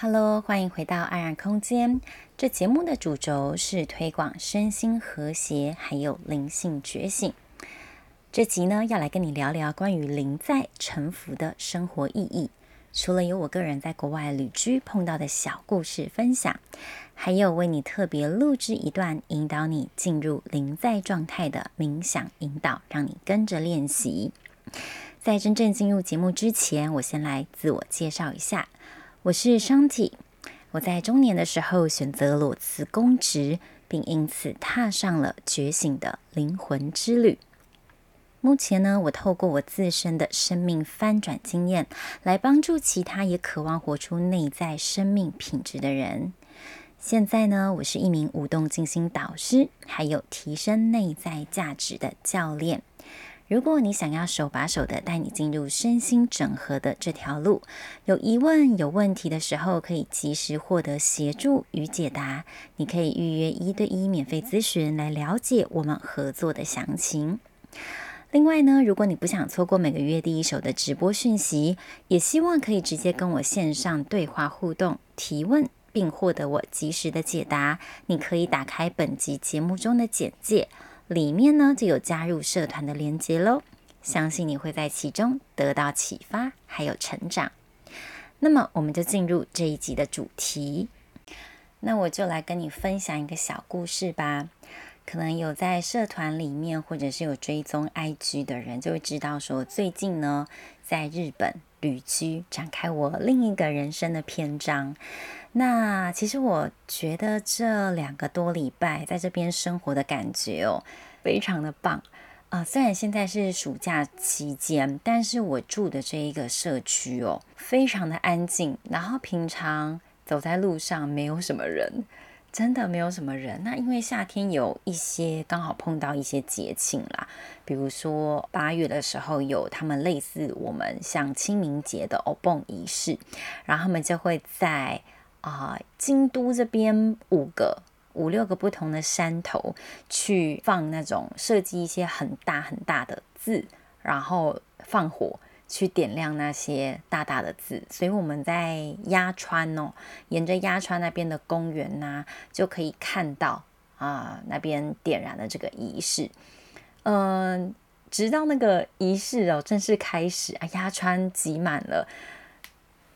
Hello，歡迎回到安然空間。這節目的主軸是推廣身心和諧，還有靈性覺醒。這集呢，要來跟你聊聊關於臨在臣服的生活意義。除了有我個人在國外旅居碰到的小故事分享，還有為你特別錄製一段引導你進入臨在狀態的冥想引導，讓你跟着練習。在真正進入節目之前，我先來自我介紹一下。我是 Shanti，我在中年的時候選擇裸辭公職，並因此踏上了覺醒的靈魂之旅。目前呢，我透過我自身的生命翻轉經驗，來幫助其他也渴望活出內在生命品質的人。現在呢，我是一名舞動靜心導師，還有提升內在價值的教練。如果你想要手把手的帶你進入身心整合的這條路，有疑問、有問題的時候，可以及時獲得協助與解答。你可以預約一對一免費諮詢，來了解我們合作的詳情。另外呢，如果你不想錯過每個月第一手的直播訊息，也希望可以直接跟我線上對話互動提問，並獲得我及時的解答。你可以打開本集節目中的簡介。裡面呢，就有加入社團的連結嘍，相信你會在其中得到啟發，還有成長。那麼我們就進入這一集的主題，那我就來跟你分享一個小故事吧。可能有在社團裡面，或者是有追蹤 IG 的人，就會知道說最近呢。在日本旅居，展開我另一個人生的篇章。那其實我覺得這兩個多禮拜在這邊生活的感覺哦，非常的棒啊！呃，雖然現在是暑假期間，但是我住的這一個社區哦，非常的安靜，然後平常走在路上沒有什麼人。真的沒有什麼人。那因為夏天有一些剛好碰到一些節慶啦，比如說八月的時候有他們類似我們像清明節的偶蹦儀式，然後他們就會在啊、呃、京都這邊五個五六個不同的山頭去放那種設計一些很大很大的字，然後放火。去點亮那些大大的字，所以我們在鴨川哦，沿着鴨川那邊的公園吶、啊，就可以看到啊、呃，那邊點燃的這個儀式。嗯、呃，直到那個儀式哦正式開始啊，鴨川擠滿了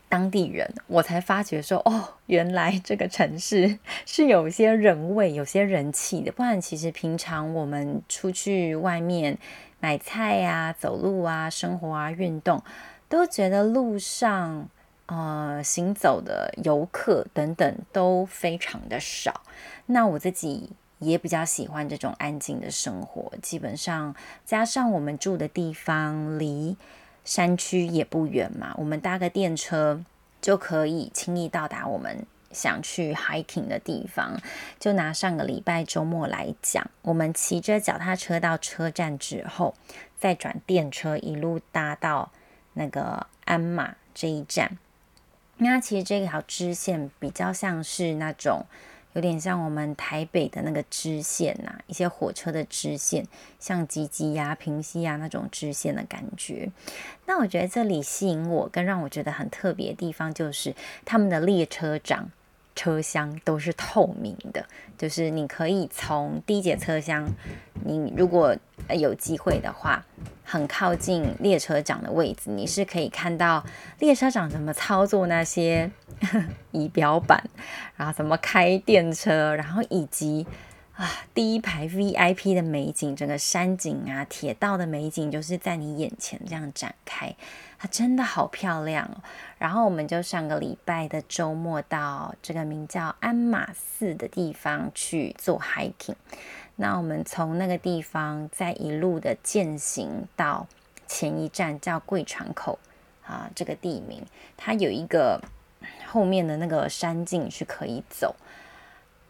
當地人，我才發覺說哦，原來這個城市是有些人味、有些人氣的，不然其實平常我們出去外面。買菜呀、啊，走路啊，生活啊，運動，都覺得路上呃行走的遊客等等都非常的少。那我自己也比較喜歡這種安靜的生活。基本上，加上我們住的地方離山區也不遠嘛，我們搭個電車就可以輕易到達我們。想去 hiking 的地方，就拿上個禮拜周末來講，我們騎着腳踏車到車站之後，再轉電車一路搭到那個鞍馬這一站。那其實這條支線比較像是那種有點像我們台北的那個支線吶、啊，一些火車的支線，像集集呀、平溪呀、啊、那種支線的感覺。那我覺得這裡吸引我，更讓我覺得很特別的地方，就是他們的列車長。車廂都是透明的，就是你可以從第一節車廂，你如果有機會的話，很靠近列車長的位置，你是可以看到列車長怎麼操作那些呵呵儀表板，然後怎麼開電車，然後以及啊第一排 VIP 的美景，整個山景啊，鐵道的美景，就是在你眼前這樣展開。它、啊、真的好漂亮哦！然後我們就上個禮拜的周末到這個名叫鞍馬寺的地方去做 hiking。那我們從那個地方再一路的健行到前一站叫貴船口啊，這個地名。它有一個後面的那個山徑是可以走。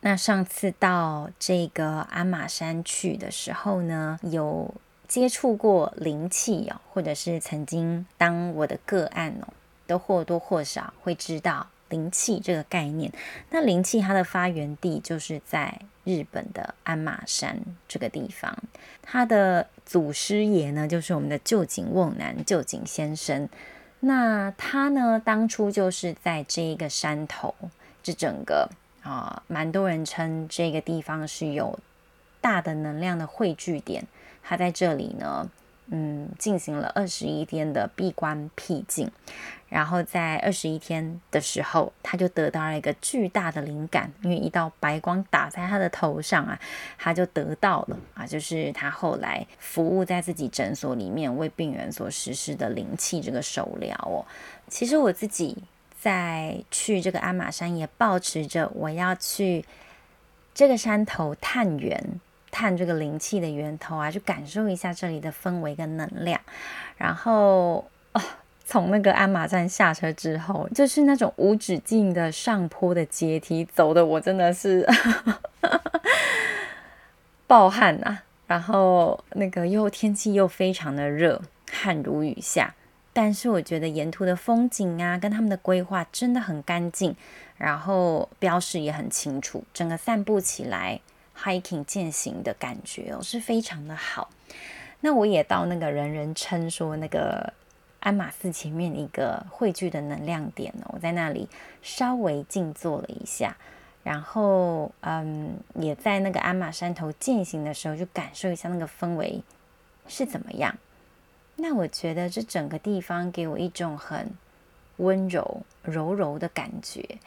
那上次到這個鞍馬山去的時候呢，有。接觸過靈氣哦，或者是曾經當我的個案哦，都或多或少會知道靈氣這個概念。那靈氣它的發源地就是在日本的鞍馬山這個地方，它的祖師爺呢就是我們的臼井甕男臼井先生。那他呢當初就是在這一個山頭，這整個啊、呃，蠻多人稱這個地方是有大的能量的匯聚點。他在這裡呢，嗯，進行了二十一天的閉關僻靜，然後在二十一天的時候，他就得到了一個巨大的靈感，因為一道白光打在他的頭上啊，他就得到了啊，就是他後來服務在自己診所裡面為病人所實施的靈氣這個手療哦。其實我自己在去這個鞍馬山也抱持着我要去這個山頭探源。探這個靈氣的源頭啊，去感受一下這裡的氛圍跟能量。然後、哦、從那個鞍馬站下車之後，就是那種無止境的上坡的階梯，走的我真的是暴 汗啊！然後那個又天氣又非常的熱，汗如雨下。但是我覺得沿途的風景啊，跟他們的規劃真的很乾淨，然後標示也很清楚，整個散步起來。hiking 健行的感覺哦，是非常的好。那我也到那個人人稱說那個鞍馬寺前面一個匯聚的能量點哦，我在那裡稍微靜坐了一下，然後嗯，也在那個鞍馬山頭健行的時候，就感受一下那個氛圍是怎麼樣。那我覺得這整個地方給我一種很溫柔、柔柔的感覺。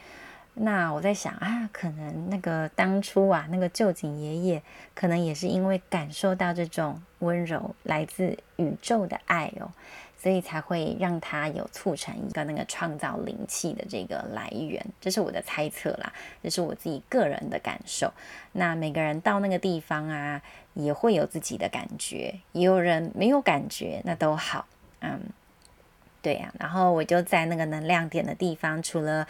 那我在想啊，可能那個當初啊，那個臼井爺爺，可能也是因為感受到這種溫柔來自宇宙的愛哦，所以才會讓他有促成一個那個創造靈氣的這個來源，這是我的猜測啦，這是我自己個人的感受。那每個人到那個地方啊，也會有自己的感覺，也有人沒有感覺，那都好，嗯，對呀、啊。然後我就在那個能量點的地方，除了。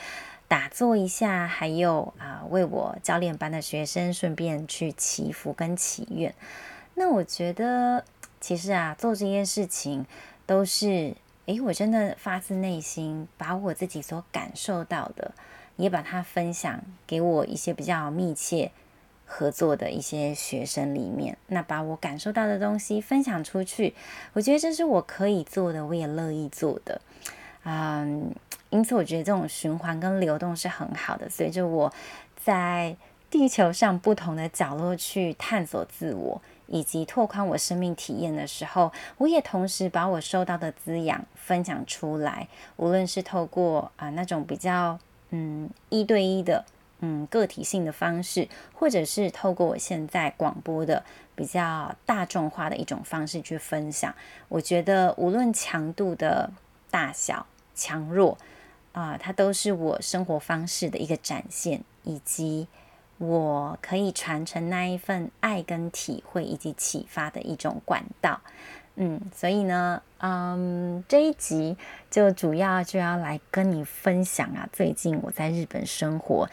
打坐一下，還有啊、呃，為我教練班的學生順便去祈福跟祈願。那我覺得，其實啊，做這件事情都是，哎，我真的發自內心，把我自己所感受到的，也把它分享給我一些比較密切合作的一些學生裡面。那把我感受到的東西分享出去，我覺得這是我可以做的，我也樂意做的。嗯，因此我覺得這種循環跟流動是很好的。隨着我在地球上不同的角落去探索自我，以及拓寬我生命體驗的時候，我也同時把我收到的滋養分享出來。無論是透過啊、呃、那種比較嗯一對一的嗯個體性的方式，或者是透過我現在廣播的比較大眾化的一種方式去分享，我覺得無論強度的大小強弱啊，呃，它都是我生活方式的一個展現，以及我可以傳承那一份愛跟體會以及啟發的一種管道。嗯，所以呢，嗯，這一集就主要就要來跟你分享啊，最近我在日本生活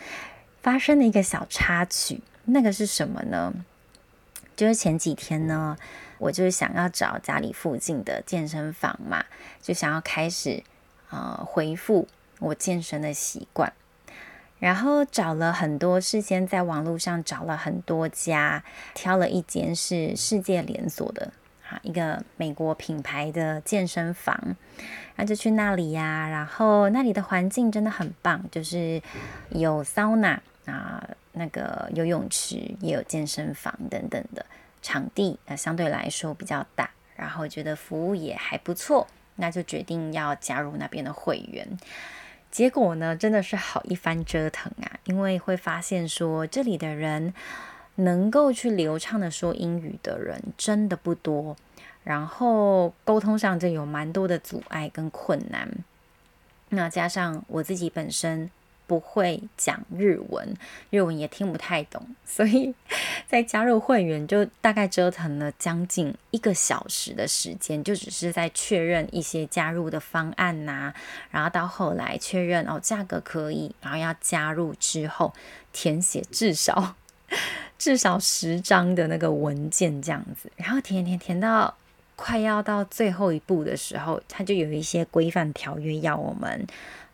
發生的一個小插曲。那個是什麼呢？就是前幾天呢。我就是想要找家裡附近的健身房嘛，就想要開始啊恢復我健身的習慣，然後找了很多，事先在網絡上找了很多家，挑了一間是世界連鎖的啊一個美國品牌的健身房，那，啊，就去那裡呀，啊，然後那裡的環境真的很棒，就是有桑拿啊，那個游泳池也有健身房等等的。場地，呃，相對來說比較大，然後覺得服務也還不錯，那就決定要加入那邊的會員。結果呢，真的是好一番折騰啊，因為會發現說這裡的人能夠去流暢的說英語的人真的不多，然後溝通上就有蠻多的阻礙跟困難。那加上我自己本身。不會講日文，日文也聽不太懂，所以在加入會員就大概折騰了將近一個小時的時間，就只是在確認一些加入的方案吶啊，然後到後來確認哦價格可以，然後要加入之後填寫至少至少十張的那個文件這樣子，然後填填填到快要到最後一步的時候，他就有一些規範條約要我們。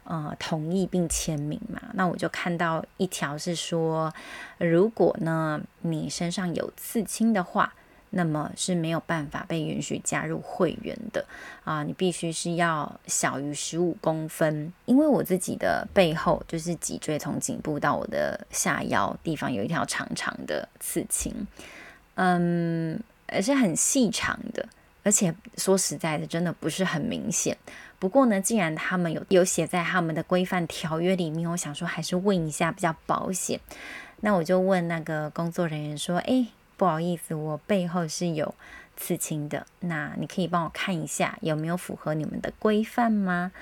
呃，同意並簽名嘛？那我就看到一條是說，如果呢你身上有刺青的話，那麼是沒有辦法被允許加入會員的啊，呃，你必須是要小於十五公分，因為我自己的背後就是脊椎從頸部到我的下腰地方有一條長長的刺青，嗯，而且很細長的。而且說實在的，真的不是很明顯。不過呢，既然他們有有寫在他們的規範條約裡面，我想說還是問一下比較保險。那我就問那個工作人員說：“哎，不好意思，我背後是有刺青的，那你可以幫我看一下有沒有符合你們的規範嗎？”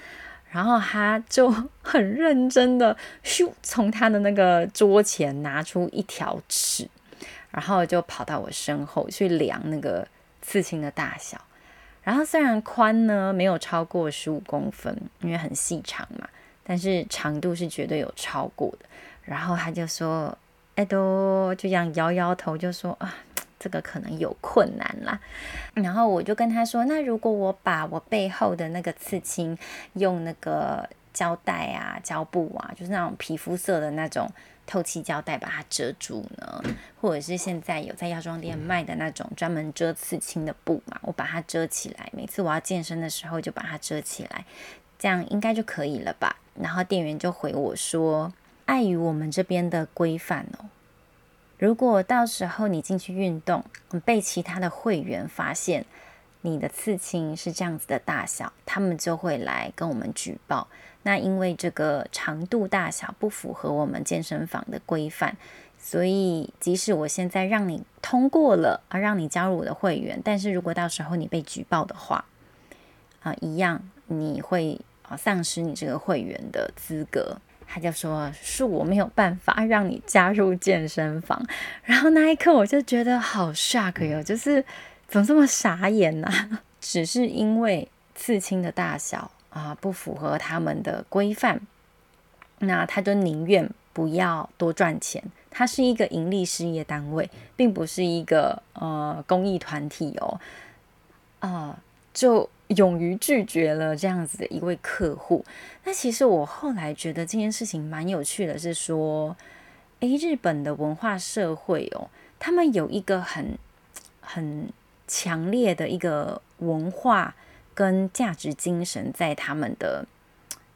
然後他就很認真的咻，從他的那個桌前拿出一條尺，然後就跑到我身後去量那個。刺青的大小，然後雖然寬呢沒有超過十五公分，因為很細長嘛，但是長度是絕對有超過的。然後他就說，哎、欸、都，就這樣搖搖頭，就說啊，這個可能有困難啦。然後我就跟他說，那如果我把我背後的那個刺青用那個膠帶啊、膠布啊，就是那種皮膚色的那種。透氣膠帶把它遮住呢，或者是現在有在藥妝店賣的那種專門遮刺青的布嘛，我把它遮起來。每次我要健身的時候就把它遮起來，這樣應該就可以了吧？然後店員就回我說，礙於我們這邊的規範哦，如果到時候你進去運動，被其他的會員發現你的刺青是這樣子的大小，他們就會來跟我們舉報。那因為這個長度大小不符合我們健身房的規範，所以即使我現在讓你通過了啊，讓你加入我的會員，但是如果到時候你被舉報的話，啊，一樣你會啊喪失你這個會員的資格。他就說是我沒有辦法讓你加入健身房。然後那一刻我就覺得好 shock 喲、哦，就是怎麼這麼傻眼呢？啊？只是因為刺青的大小。啊、呃，不符合他們的規範，那他就寧願不要多賺錢。他是一個盈利事業單位，並不是一個呃公益團體哦。啊、呃，就勇於拒絕了這樣子的一位客戶。那其實我後來覺得這件事情蠻有趣的，是說，誒，日本的文化社會哦，他們有一個很很強烈的一個文化。跟價值精神在他們的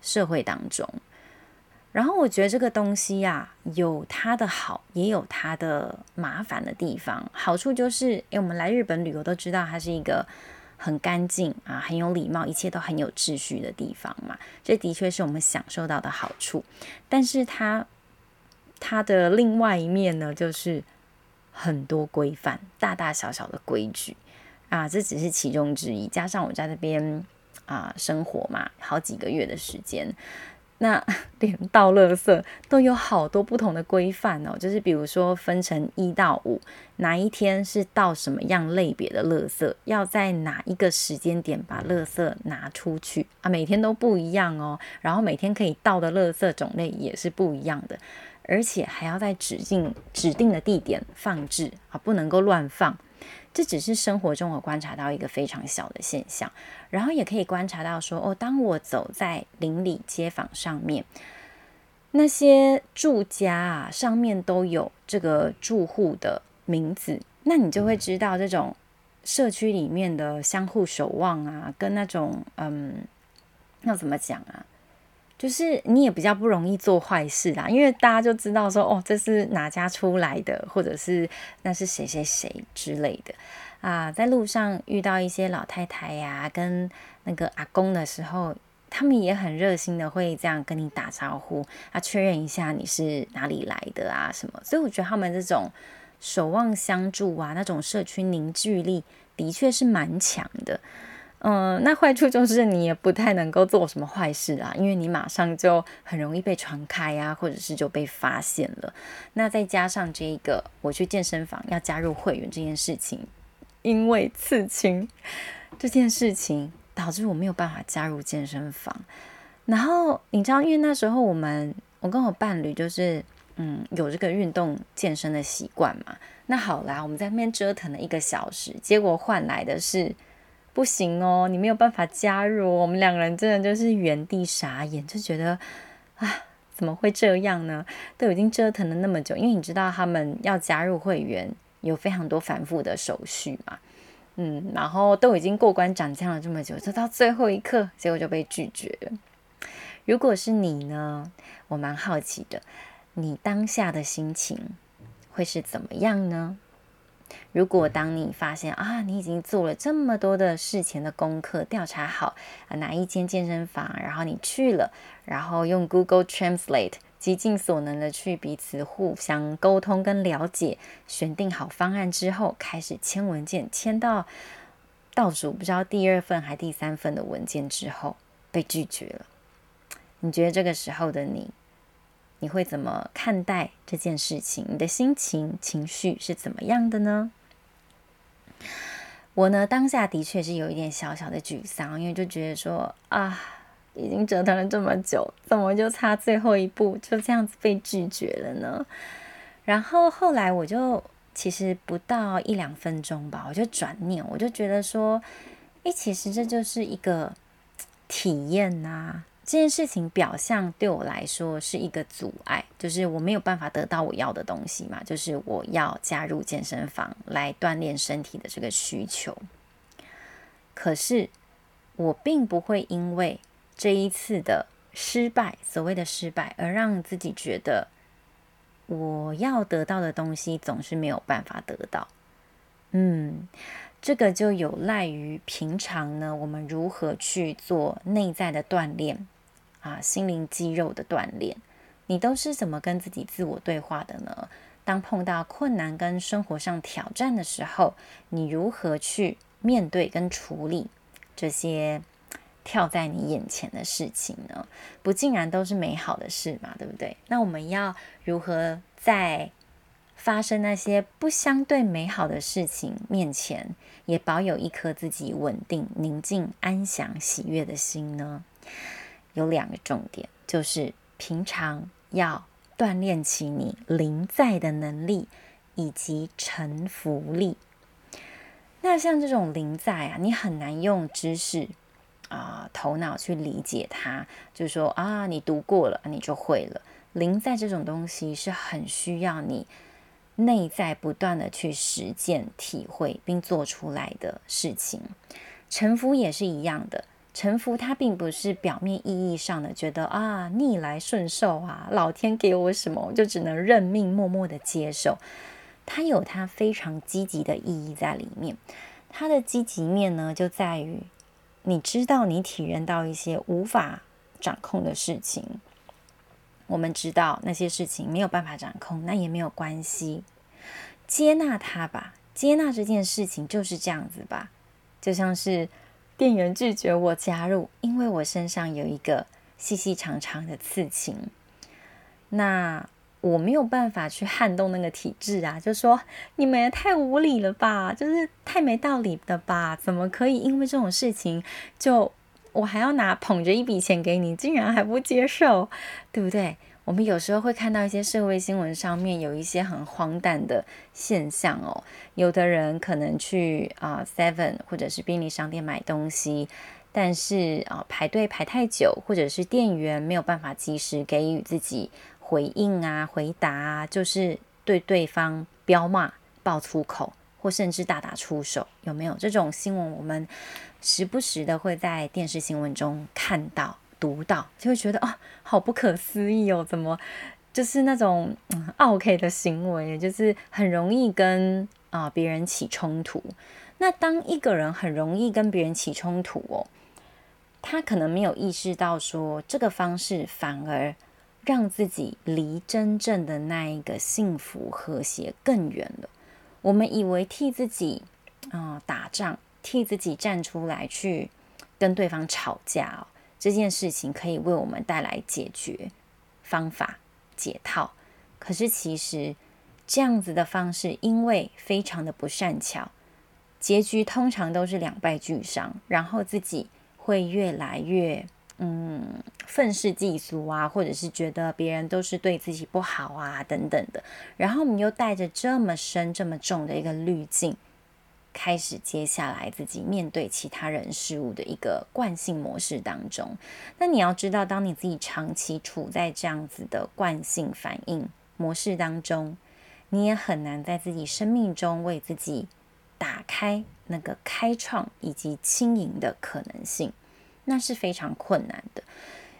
社會當中，然後我覺得這個東西呀，有它的好，也有它的麻煩的地方。好處就是，因為我們來日本旅遊都知道，它是一個很乾淨啊，很有禮貌，一切都很有秩序的地方嘛。這的確是我們享受到的好處。但是它它的另外一面呢，就是很多規範，大大小小的規矩。啊，這只是其中之一。加上我在那邊啊生活嘛，好幾個月的時間，那連倒垃圾都有好多不同的規範哦。就是比如說分成一到五，哪一天是倒什麼樣類別的垃圾，要在哪一個時間點把垃圾拿出去啊，每天都不一樣哦。然後每天可以倒的垃圾種類也是不一樣的，而且還要在指定指定的地點放置啊，不能夠亂放。這只是生活中我觀察到一個非常小的現象，然後也可以觀察到說哦，當我走在鄰里街坊上面，那些住家啊，上面都有這個住戶的名字，那你就會知道這種社區裡面的相互守望啊，跟那種，嗯，那我怎麼講啊？就是你也比較不容易做壞事啦，因為大家就知道說哦，這是哪家出來的，或者是那是誰誰誰之類的啊、呃。在路上遇到一些老太太呀、啊，跟那個阿公的時候，他們也很熱心的會這樣跟你打招呼，啊，確認一下你是哪裡來的啊什麼。所以我覺得他們這種守望相助啊，那種社區凝聚力的確是蠻強的。嗯，那壞處就是你也不太能夠做什麼壞事啊，因為你馬上就很容易被傳開呀、啊，或者是就被發現了。那再加上這一個我去健身房要加入會員這件事情，因為刺青這件事情導致我沒有辦法加入健身房。然後你知道，因為那時候我們我跟我伴侶就是嗯有這個運動健身的習慣嘛，那好啦，我們在那邊折騰了一個小時，結果換來的是。不行哦，你沒有辦法加入哦。我們兩個人真的就是原地傻眼，就覺得啊，怎麼會這樣呢？都已經折騰了那麼久，因為你知道他們要加入會員有非常多反覆的手續嘛，嗯，然後都已經過關斬將了這麼久，就到最後一刻，結果就被拒絕了。如果是你呢？我蠻好奇的，你當下的心情會是怎麼樣呢？如果當你發現啊，你已經做了這麼多的事前的功課，調查好哪一間健身房，然後你去了，然後用 Google Translate 極盡所能的去彼此互相溝通跟了解，選定好方案之後，開始簽文件，簽到倒數不知道第二份還是第三份的文件之後被拒絕了。你覺得這個時候的你？你會怎麼看待這件事情？你的心情、情緒是怎麼樣的呢？我呢，當下的確是有一點小小的沮喪，因為就覺得說啊，已經折騰了這麼久，怎麼就差最後一步就這樣子被拒絕了呢？然後後來我就其實不到一兩分鐘吧，我就轉念，我就覺得說，誒，其實這就是一個體驗吶、啊。這件事情表象對我來說是一個阻礙，就是我沒有辦法得到我要的東西嘛，就是我要加入健身房來鍛鍊身體的這個需求。可是我並不會因為這一次的失敗，所謂的失敗，而讓自己覺得我要得到的東西總是沒有辦法得到。嗯，這個就有賴於平常呢，我們如何去做內在的鍛鍊啊，心靈肌肉的鍛鍊。你都是怎麼跟自己自我對話的呢？當碰到困難跟生活上挑戰的時候，你如何去面對跟處理這些跳在你眼前的事情呢？不盡然都是美好的事嘛，對不對？那我們要如何在發生那些不相對美好的事情面前，也保有一顆自己穩定、寧靜、安詳、喜悅的心呢？有兩個重點，就是平常要鍛鍊起你臨在的能力以及臣服力。那像這種臨在啊，你很難用知識啊、呃、頭腦去理解它。就是說啊，你讀過了，你就會了。臨在這種東西是很需要你。內在不斷的去實踐、體會並做出來的事情，臣服也是一樣的。臣服它並不是表面意義上的覺得啊逆來順受啊，老天給我什麼我就只能認命，默默的接受。它有它非常積極的意義在裡面。它的積極面呢，就在於你知道你體驗到一些無法掌控的事情。我們知道那些事情沒有辦法掌控，那也沒有關係，接納它吧，接納這件事情就是這樣子吧。就像是店員拒絕我加入，因為我身上有一個細細長長的刺青，那我沒有辦法去撼動那個體制啊，就說你們也太無理了吧，就是太沒道理的吧，怎麼可以因為這種事情就？我還要拿捧着一筆錢給你，竟然還不接受，對不對？我們有時候會看到一些社會新聞上面有一些很荒誕的現象哦。有的人可能去啊、呃、Seven 或者是便利商店買東西，但是啊、呃、排隊排太久，或者是店員沒有辦法及時給予自己回應啊，回答啊，就是對對方飆罵、爆粗口。或甚至大打出手，有沒有這種新聞？我們時不時的會在電視新聞中看到、讀到，就會覺得啊、哦，好不可思議哦！怎麼就是那種、嗯，OK 的行為，就是很容易跟啊、呃、別人起衝突。那當一個人很容易跟別人起衝突哦，他可能沒有意識到說，說這個方式反而讓自己離真正的那一個幸福和諧更遠了。我們以為替自己啊打仗，替自己站出來去跟對方吵架，這件事情可以為我們帶來解決方法，解套。可是其實這樣子的方式，因為非常的不善巧，結局通常都是兩敗俱傷，然後自己會越來越。嗯，憤世嫉俗啊，或者是覺得別人都是對自己不好啊，等等的。然後你又帶着這麼深、這麼重的一個濾鏡，開始接下來自己面對其他人事物的一個慣性模式當中。那你要知道，當你自己長期處在這樣子的慣性反應模式當中，你也很難在自己生命中為自己打開那個開創以及輕盈的可能性。那是非常困難的，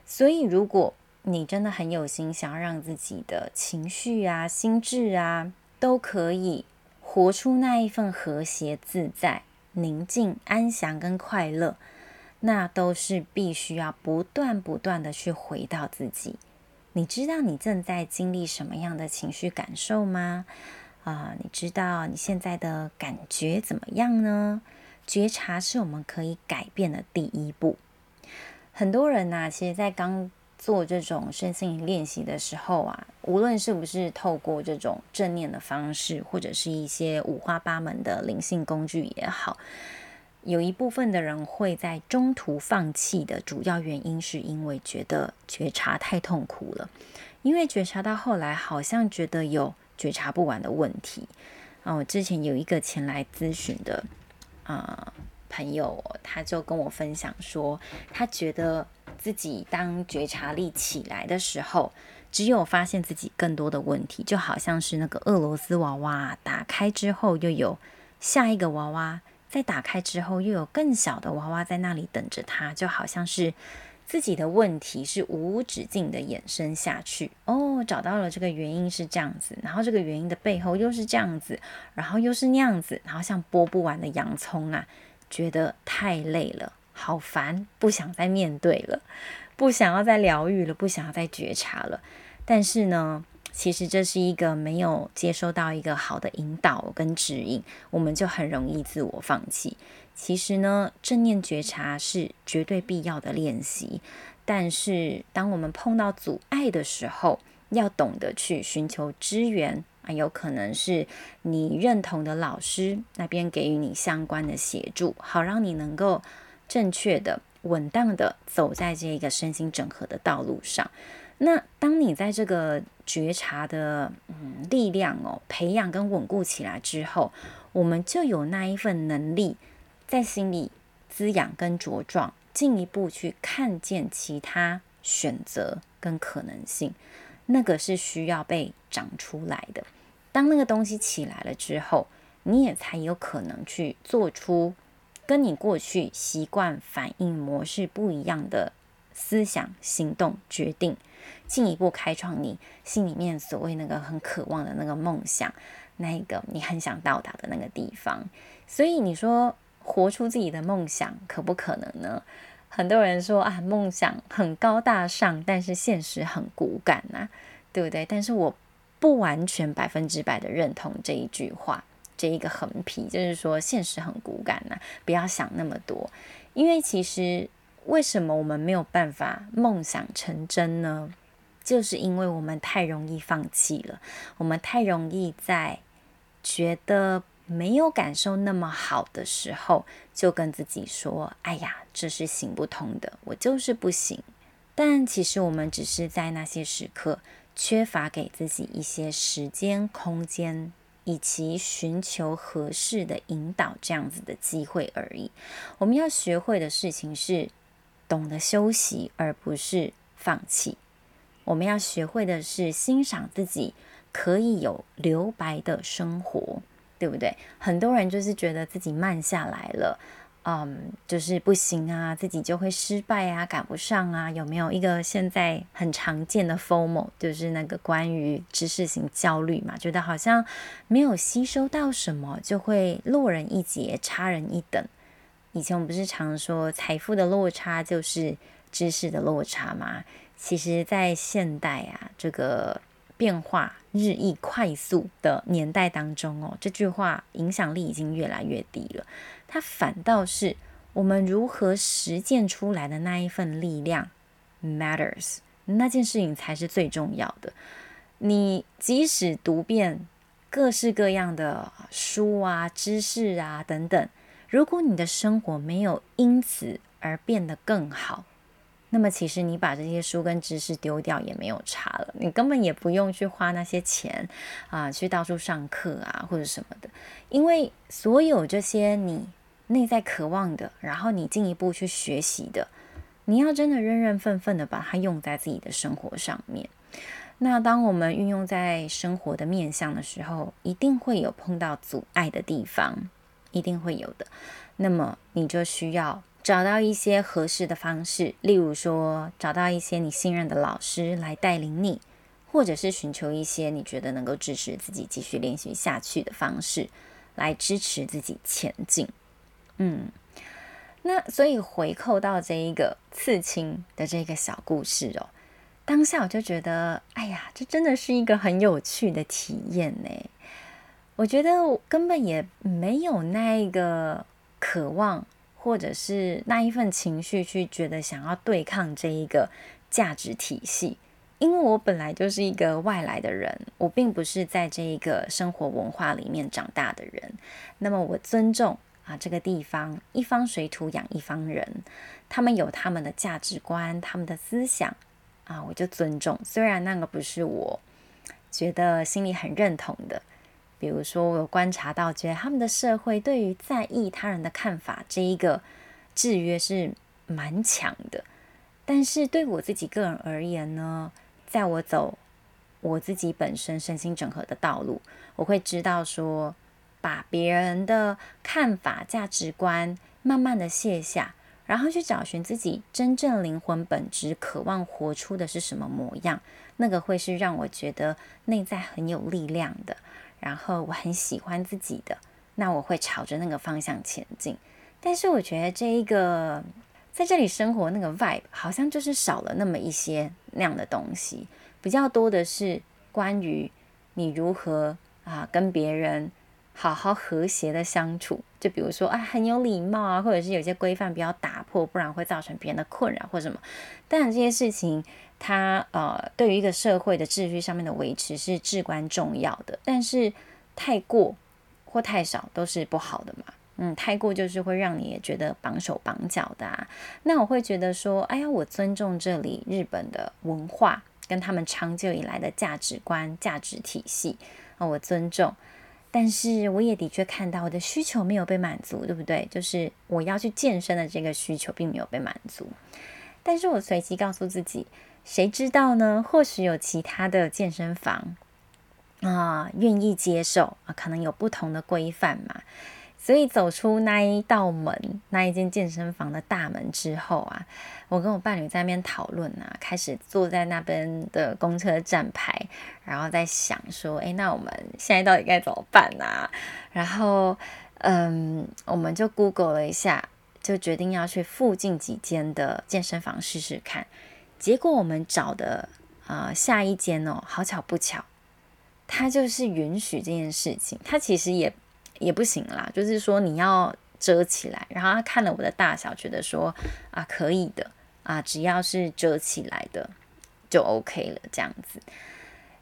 所以如果你真的很有心，想要讓自己的情緒啊、心智啊，都可以活出那一份和諧、自在、寧靜、安詳跟快樂，那都是必須要不斷不斷的去回到自己。你知道你正在經歷什麼樣的情緒感受嗎？啊、呃，你知道你現在的感覺怎麼樣呢？覺察是我們可以改變的第一步。很多人吶、啊，其實，在剛做這種身心練習的時候啊，無論是不是透過這種正念的方式，或者是一些五花八門的靈性工具也好，有一部分的人會在中途放棄的主要原因，是因為覺得覺察太痛苦了，因為覺察到後來好像覺得有覺察不完的問題啊。我之前有一個前來諮詢的啊。呃朋友，他就跟我分享說，他覺得自己當覺察力起來的時候，只有發現自己更多的問題，就好像是那個俄羅斯娃娃打開之後又有下一個娃娃，再打開之後又有更小的娃娃在那裡等着他，就好像是自己的問題是無止境的延伸下去。哦，找到了這個原因是這樣子，然後這個原因的背後又是這樣子，然後又是那樣子，然後像剝不完的洋蔥啊。覺得太累了，好煩，不想再面對了，不想要再療癒了，不想要再覺察了。但是呢，其實這是一個沒有接收到一個好的引導跟指引，我們就很容易自我放棄。其實呢，正念覺察是絕對必要的練習，但是當我們碰到阻礙的時候，要懂得去尋求支援。啊，有可能是你認同的老師那邊給予你相關的協助，好讓你能夠正確的、穩當的走在這個身心整合的道路上。那當你在這個覺察的，嗯，力量哦，培養跟穩固起來之後，我們就有那一份能力，在心裡滋養跟茁壯，進一步去看見其他選擇跟可能性。那個是需要被長出來的。當那個東西起來了之後，你也才有可能去做出跟你過去習慣反應模式不一樣的思想、行動、決定，進一步開創你心裡面所謂那個很渴望的那個夢想，那個你很想到達的那個地方。所以你說活出自己的夢想，可不可能呢？很多人說啊，夢想很高大上，但是現實很骨感吶、啊，對不對？但是我不完全百分之百的認同這一句話，這一個橫批，就是說現實很骨感吶、啊，不要想那麼多。因為其實為什麼我們沒有辦法夢想成真呢？就是因為我們太容易放棄了，我們太容易在覺得。沒有感受那麼好的時候，就跟自己說：“哎呀，這是行不通的，我就是不行。”但其實我們只是在那些時刻缺乏給自己一些時間、空間，以及尋求合適的引導這樣子的機會而已。我們要學會的事情是懂得休息，而不是放棄。我們要學會的是欣賞自己可以有留白的生活。對不對？很多人就是覺得自己慢下來了，嗯，就是不行啊，自己就會失敗啊，趕不上啊。有沒有一個現在很常見的 FOMO，就是那個關於知識型焦慮嘛？覺得好像沒有吸收到什麼，就會落人一截，差人一等。以前我們不是常說財富的落差就是知識的落差嗎？其實，在現代啊，這個。變化日益快速的年代當中，哦，這句話影響力已經越來越低了。它反倒是我們如何實踐出來的那一份力量 matters，那件事情才是最重要的。你即使讀遍各式各樣的書啊、知識啊等等，如果你的生活沒有因此而變得更好，那麼其實你把這些書跟知識丟掉也沒有差了，你根本也不用去花那些錢啊、呃，去到處上課啊或者什麼的，因為所有這些你內在渴望的，然後你進一步去學習的，你要真的認認真真的把它用在自己的生活上面。那當我們運用在生活的面向的時候，一定會有碰到阻礙的地方，一定會有的。那麼你就需要。找到一些合適的方式，例如說，找到一些你信任的老師來帶領你，或者是尋求一些你覺得能夠支持自己繼續練習下去的方式，來支持自己前進。嗯，那所以回扣到這一個刺青的這個小故事哦，當下我就覺得，哎呀，這真的是一個很有趣的體驗呢。我覺得我根本也沒有那個渴望，或者是那一份情緒，去覺得想要對抗這一個價值體系，因為我本來就是一個外來的人，我並不是在這一個生活文化裡面長大的人。那麼我尊重啊，這個地方一方水土養一方人，他們有他們的價值觀、他們的思想啊，我就尊重。雖然那個不是我覺得心裡很認同的。比如說，我有觀察到，覺得他們的社會對於在意他人的看法這一個制約是蠻強的。但是對我自己個人而言呢，在我走我自己本身身心整合的道路，我會知道說，把別人的看法、價值觀慢慢的卸下，然後去找尋自己真正靈魂本質渴望活出的是什麼模樣，那個會是讓我覺得內在很有力量的。然後我很喜歡自己的，那我會朝着那個方向前進。但是我覺得這一個在這裡生活那個 vibe 好像就是少了那麼一些那樣的東西，比較多的是關於你如何啊、呃、跟別人。好好和諧的相處，就比如說啊，很有禮貌啊，或者是有些規範不要打破，不然會造成別人的困擾或什麼。當然，這些事情它呃，對於一個社會的秩序上面的維持是至關重要的。但是太過或太少都是不好的嘛。嗯，太過就是會讓你也覺得綁手綁腳的啊。那我會覺得說，哎呀，我尊重這裡日本的文化跟他們長久以來的價值觀、價值體系啊，呃，我尊重。但是我也的確看到我的需求沒有被滿足，對不對？就是我要去健身的這個需求並沒有被滿足。但是我隨即告訴自己，誰知道呢？或許有其他的健身房啊，呃、願意接受啊、呃，可能有不同的規範嘛。所以走出那一道門，那一間健身房的大門之後啊，我跟我伴侶在那邊討論啊，開始坐在那邊的公車站牌，然後在想說，誒，那我們現在到底該怎麼辦啊？然後，嗯，我們就 Google 了一下，就決定要去附近幾間的健身房試試看。結果我們找的啊，下一間哦，好巧不巧，它就是允許這件事情，它其實也。也不行啦，就是說你要遮起來，然後他看了我的大小，覺得說啊可以的啊，只要是遮起來的就 OK 了這樣子。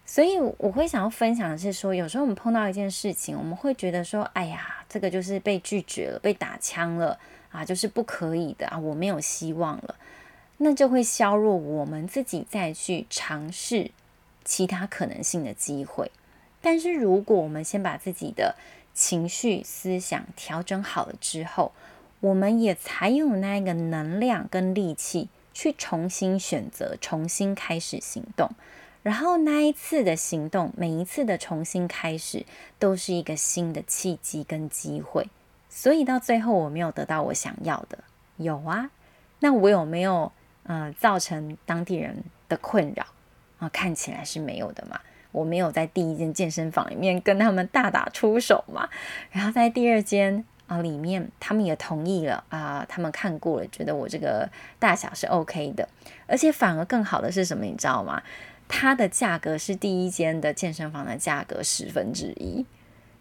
所以我會想要分享的是說，有時候我們碰到一件事情，我們會覺得說，哎呀，這個就是被拒絕了，被打槍了啊，就是不可以的啊，我沒有希望了，那就會削弱我們自己再去嘗試其他可能性的機會。但是如果我們先把自己的情緒、思想調整好了之後，我們也才有那個能量跟力氣去重新選擇、重新開始行動。然後那一次的行動，每一次的重新開始，都是一個新的契機跟機會。所以到最後，我沒有得到我想要的。有啊，那我有沒有嗯、呃、造成當地人的困擾啊？看起來是沒有的嘛。我沒有在第一間健身房裡面跟他們大打出手嘛，然後在第二間啊裡面，他們也同意了啊、呃，他們看過了，覺得我這個大小是 OK 的，而且反而更好的是什麼，你知道嗎？它的價格是第一間的健身房的價格十分之一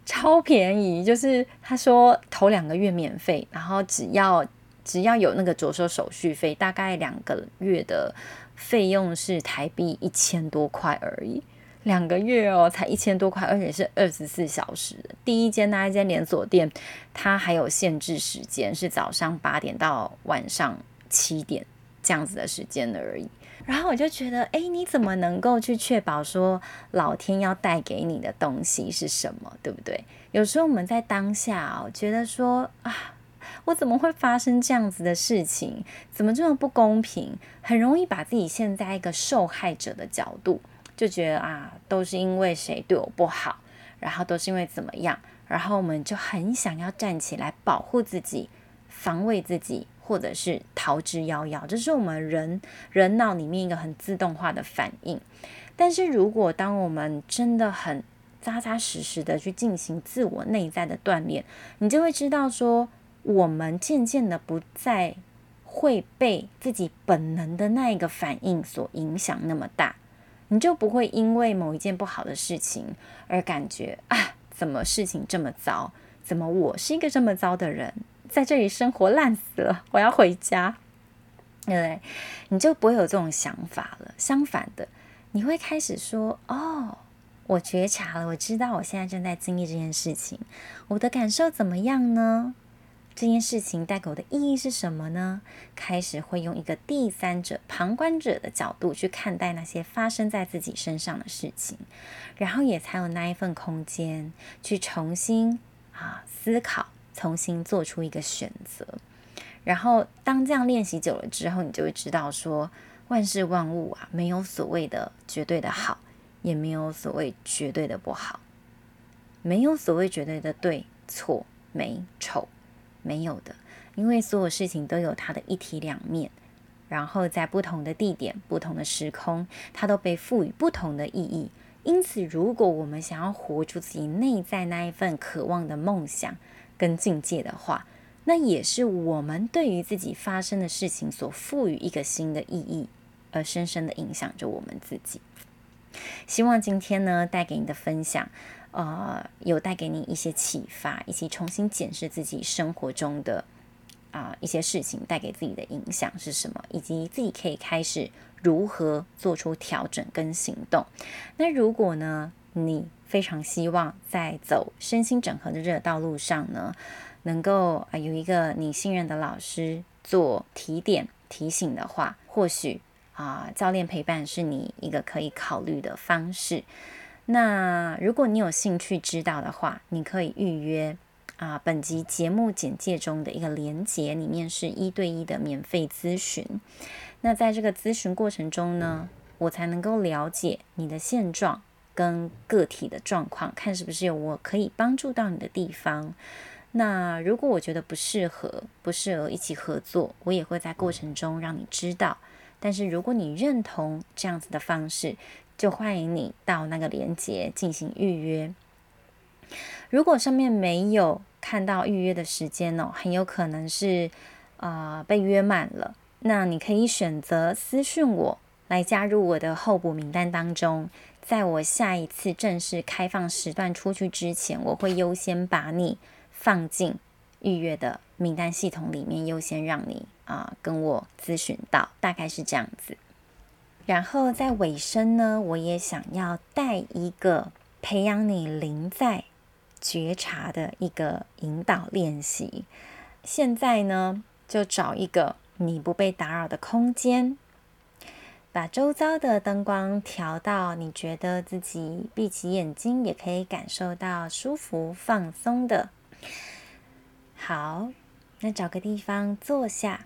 ，10, 超便宜。就是他說頭兩個月免費，然後只要只要有那個左手手續費，大概兩個月的費用是台幣一千多塊而已。兩個月哦，才一千多塊，而且是二十四小時的。第一間那一間連鎖店，它還有限制時間，是早上八點到晚上七點這樣子的時間的而已。然後我就覺得，哎，你怎麼能夠去確保說老天要帶給你的東西是什麼，對不對？有時候我們在當下哦，我覺得說啊，我怎麼會發生這樣子的事情？怎麼這麼不公平？很容易把自己陷在一個受害者的角度。就覺得啊，都是因為誰對我不好，然後都是因為怎麼樣，然後我們就很想要站起來保護自己、防衛自己，或者是逃之夭夭，這是我們人人腦裡面一個很自動化的反應。但是如果當我們真的很扎扎實實的去進行自我內在的鍛鍊，你就會知道說，我們漸漸的不再會被自己本能的那一個反應所影響那麼大。你就不會因為某一件不好的事情而感覺啊，怎麼事情這麼糟？怎麼我是一個這麼糟的人，在這裡生活爛死了？我要回家，對不對？你就不會有這種想法了。相反的，你會開始說：“哦，我覺察了，我知道我現在正在經歷這件事情，我的感受怎麼樣呢？”這件事情帶給我的意義是什麼呢？開始會用一個第三者、旁觀者的角度去看待那些發生在自己身上的事情，然後也才有那一份空間去重新啊思考，重新做出一個選擇。然後當這樣練習久了之後，你就會知道說，萬事萬物啊，沒有所謂的絕對的好，也沒有所謂絕對的不好，沒有所謂絕對的對錯、美醜。沒有的，因為所有事情都有它的一體兩面，然後在不同的地點、不同的時空，它都被賦予不同的意義。因此，如果我們想要活出自己內在那一份渴望的夢想跟境界的話，那也是我們對於自己發生的事情所賦予一個新的意義，而深深的影響着我們自己。希望今天呢，帶給你的分享。呃，有帶給你一些啟發，以及重新檢視自己生活中的啊、呃、一些事情帶給自己的影響是什麼，以及自己可以開始如何做出調整跟行動。那如果呢，你非常希望在走身心整合的這個道路上呢，能夠啊有一個你信任的老師做提點提醒的話，或許啊、呃，教練陪伴是你一個可以考慮的方式。那如果你有興趣知道的話，你可以預約啊、呃，本集節目簡介中的一個連接，裡面是一對一的免費諮詢。那在這個諮詢過程中呢，我才能夠了解你的現狀跟個體的狀況，看是不是有我可以幫助到你的地方。那如果我覺得不適合，不適合一起合作，我也會在過程中讓你知道。但是如果你認同這樣子的方式，就歡迎你到那個鏈接進行預約。如果上面沒有看到預約的時間哦，很有可能是啊、呃、被約滿了。那你可以選擇私訊我來加入我的候補名單當中，在我下一次正式開放時段出去之前，我會優先把你放進預約的名單系統裡面，優先讓你啊、呃、跟我諮詢到，大概是這樣子。然後在尾聲呢，我也想要帶一個培養你臨在覺察的一個引導練習。現在呢，就找一個你不被打擾的空間，把周遭的燈光調到你覺得自己閉起眼睛也可以感受到舒服放鬆的。好，那找個地方坐下，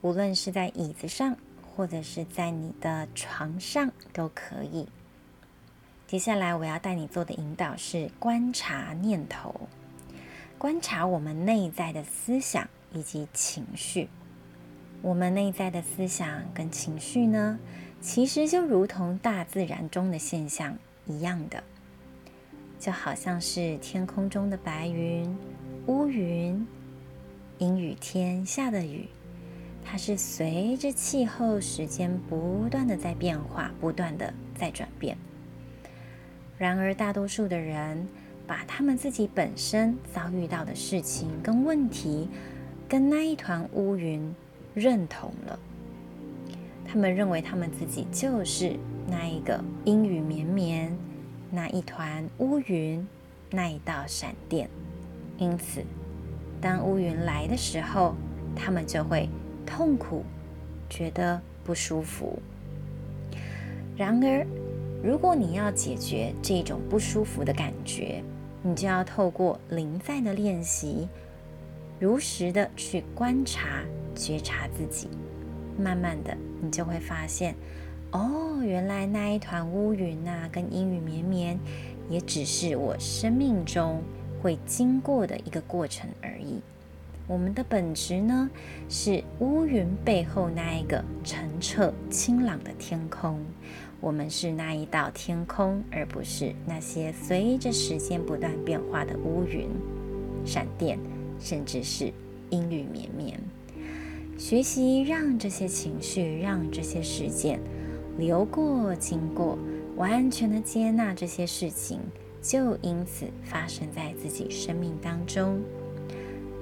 無論是在椅子上，或者是在你的床上都可以。接下來我要帶你做的引導是觀察念頭，觀察我們內在的思想以及情緒。我們內在的思想跟情緒呢，其實就如同大自然中的現象一樣的，就好像是天空中的白雲、烏雲、陰雨天下的雨。它是隨着氣候、時間不斷的在變化，不斷的在轉變。然而，大多數的人把他們自己本身遭遇到的事情跟問題，跟那一團烏雲認同了。他們認為他們自己就是那一個陰雨綿綿、那一團烏雲、那一道閃電。因此，當烏雲來的時候，他們就會痛苦，覺得不舒服。然而，如果你要解決這種不舒服的感覺，你就要透過臨在的練習，如實的去觀察、覺察自己。慢慢的，你就會發現，哦，原來那一團烏雲吶、啊，跟陰雨綿綿，也只是我生命中會經過的一個過程而已。我們的本質呢，是烏雲背後那一個澄澈、清朗的天空。我們是那一道天空，而不是那些隨着時間不斷變化的烏雲、閃電，甚至是陰雨綿綿。學習讓這些情緒、讓這些事件流過、經過，完全的接納這些事情，就因此發生在自己生命當中。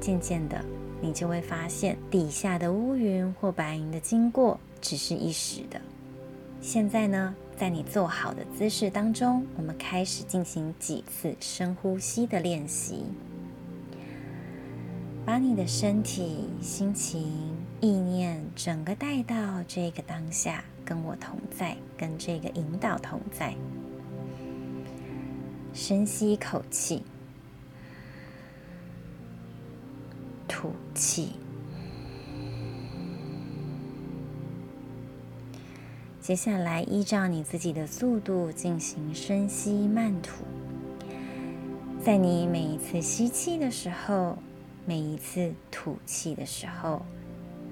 漸漸的，你就會發現底下的烏雲或白雲的經過只是一時的。現在呢，在你坐好的姿勢當中，我們開始進行幾次深呼吸的練習，把你的身體、心情、意念整個帶到這個當下，跟我同在，跟這個引導同在。深吸一口氣。吐氣。接下來，依照你自己的速度進行深吸慢吐。在你每一次吸氣的時候，每一次吐氣的時候，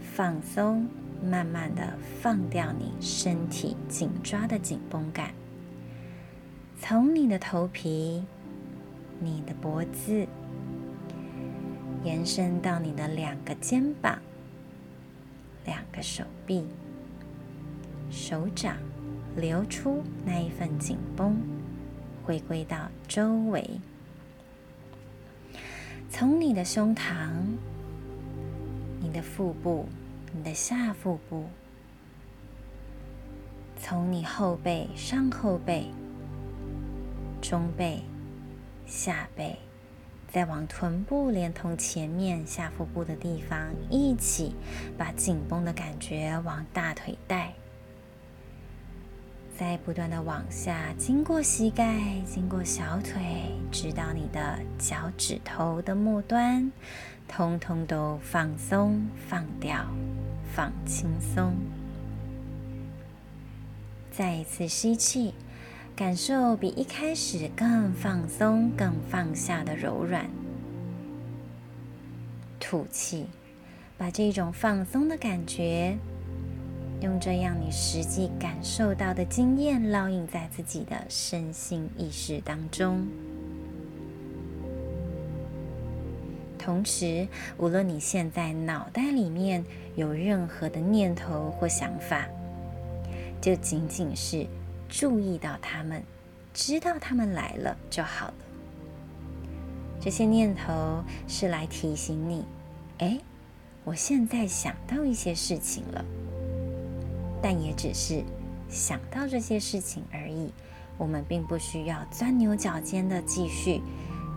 放鬆，慢慢的放掉你身體緊抓的緊繃感。從你的頭皮，你的脖子。延伸到你的兩個肩膀、兩個手臂、手掌，流出那一份緊繃，回歸到周圍。從你的胸膛、你的腹部、你的下腹部，從你後背，上後背、中背、下背。再往臀部，連同前面下腹部的地方一起，把緊繃的感覺往大腿帶。再不斷的往下，經過膝蓋，經過小腿，直到你的腳趾頭的末端，通通都放鬆、放掉、放輕鬆。再一次吸氣。感受比一開始更放鬆、更放下的柔軟。吐氣，把這種放鬆的感覺，用這樣你實際感受到的經驗烙印在自己的身心意識當中。同時，無論你現在腦袋裡面有任何的念頭或想法，就僅僅是。注意到他們，知道他們來了就好了。這些念頭是來提醒你，哎，我現在想到一些事情了，但也只是想到這些事情而已。我們並不需要鑽牛角尖的繼續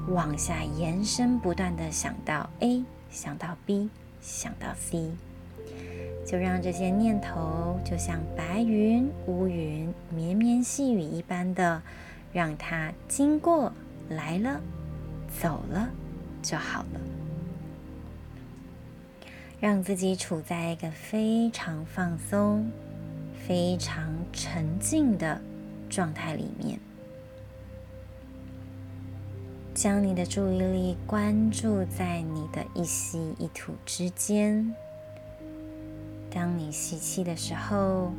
往下延伸，不斷的想到 A，想到 B，想到 C。就讓這些念頭就像白雲、烏雲、綿綿細雨一般的，讓它經過，來了、走了就好了。讓自己處在一個非常放鬆、非常沉靜的狀態裡面，將你的注意力關注在你的一吸一吐之間。當你吸氣的時候，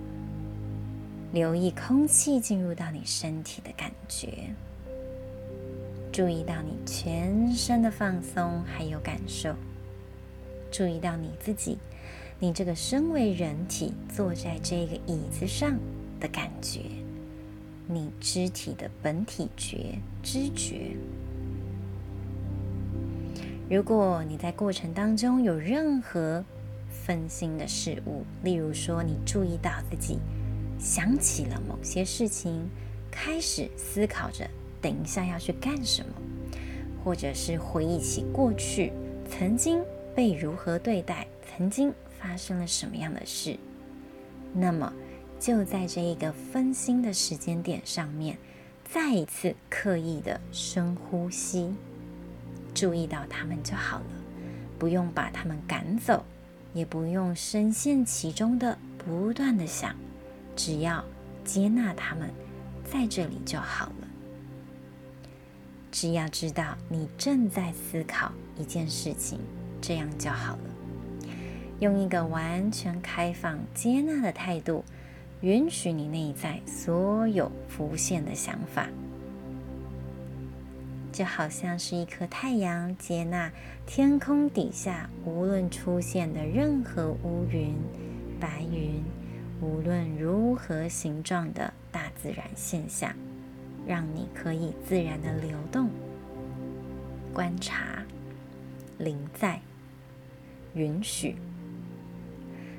留意空氣進入到你身體的感覺，注意到你全身的放鬆還有感受，注意到你自己，你這個身為人體坐在這個椅子上的感覺，你肢體的本體覺、知覺。如果你在過程當中有任何分心的事物，例如說，你注意到自己想起了某些事情，開始思考着等一下要去幹什麼，或者是回憶起過去曾經被如何對待，曾經發生了什麼樣的事。那麼，就在這一個分心的時間點上面，再一次刻意的深呼吸，注意到他們就好了，不用把他們趕走。也不用深陷其中的不斷的想，只要接納他們在這裡就好了。只要知道你正在思考一件事情，這樣就好了。用一個完全開放接納的態度，允許你內在所有浮現的想法。就好像是一顆太陽，接納天空底下無論出現的任何烏雲、白雲，無論如何形狀的大自然現象，讓你可以自然的流動、觀察、臨在、允許，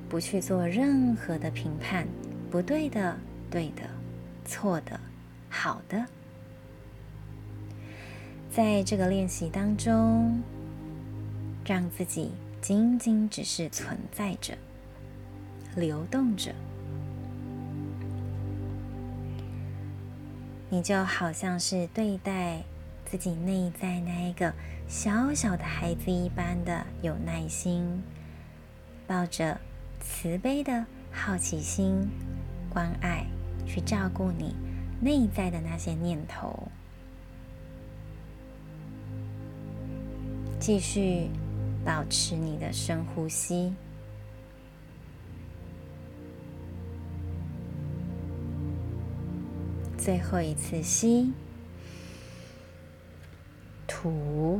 不去做任何的評判，不對的、對的、錯的、好的。在這個練習當中，讓自己僅僅只是存在着、流動着，你就好像是對待自己內在那一個小小的孩子一般的有耐心，抱着慈悲的好奇心、關愛去照顧你內在的那些念頭。繼續保持你的深呼吸，最後一次吸，吐。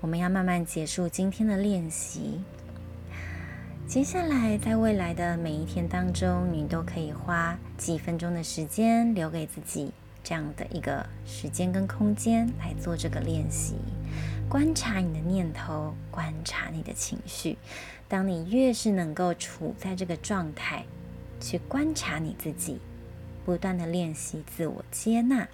我們要慢慢結束今天的練習。接下來，在未來的每一天當中，你都可以花幾分鐘的時間留給自己。這樣的一個時間跟空間來做這個練習，觀察你的念頭，觀察你的情緒。當你越是能夠處在這個狀態，去觀察你自己，不斷的練習自我接納，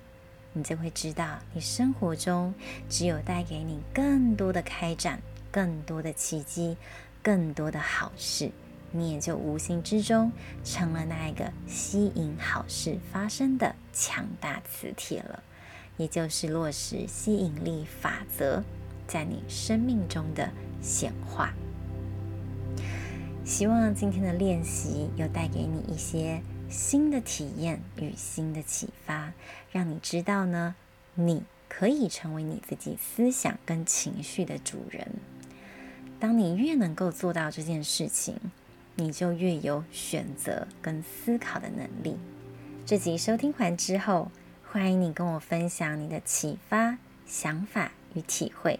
你就會知道，你生活中只有帶給你更多的開展、更多的奇蹟，更多的好事。你也就無形之中成了那一個吸引好事發生的強大磁鐵了，也就是落實吸引力法則在你生命中的顯化。希望今天的練習又帶給你一些新的體驗與新的啟發，讓你知道呢，你可以成為你自己思想跟情緒的主人。當你越能夠做到這件事情，你就越有選擇跟思考的能力。這集收聽完之後，歡迎你跟我分享你的啟發、想法與體會。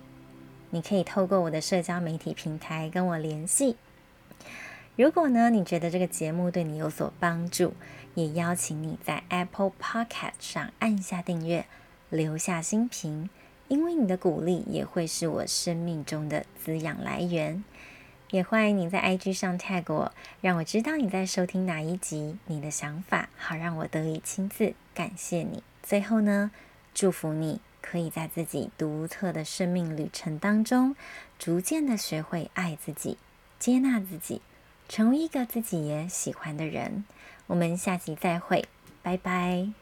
你可以透過我的社交媒體平台跟我聯繫。如果呢，你覺得這個節目對你有所幫助，也邀請你在 Apple Podcast 上按下訂閱，留下星評，因為你的鼓勵也會是我生命中的滋養來源。也歡迎你在 IG 上 tag 我，讓我知道你在收聽哪一集，你的想法，好讓我得以親自感謝你。最後呢，祝福你可以在自己獨特的生命旅程當中，逐漸的學會愛自己、接納自己，成為一個自己也喜歡的人。我們下集再會，拜拜。